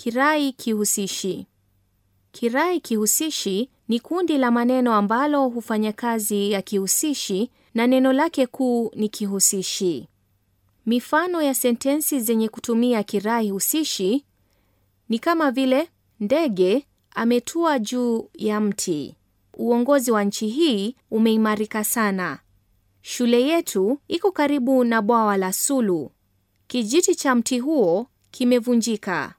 Kirai kihusishi. Kirai kihusishi ni kundi la maneno ambalo hufanya kazi ya kihusishi na neno lake kuu ni kihusishi. Mifano ya sentensi zenye kutumia kirai husishi ni kama vile ndege ametua juu ya mti. Uongozi wa nchi hii umeimarika sana. Shule yetu iko karibu na bwawa la Sulu. Kijiti cha mti huo kimevunjika.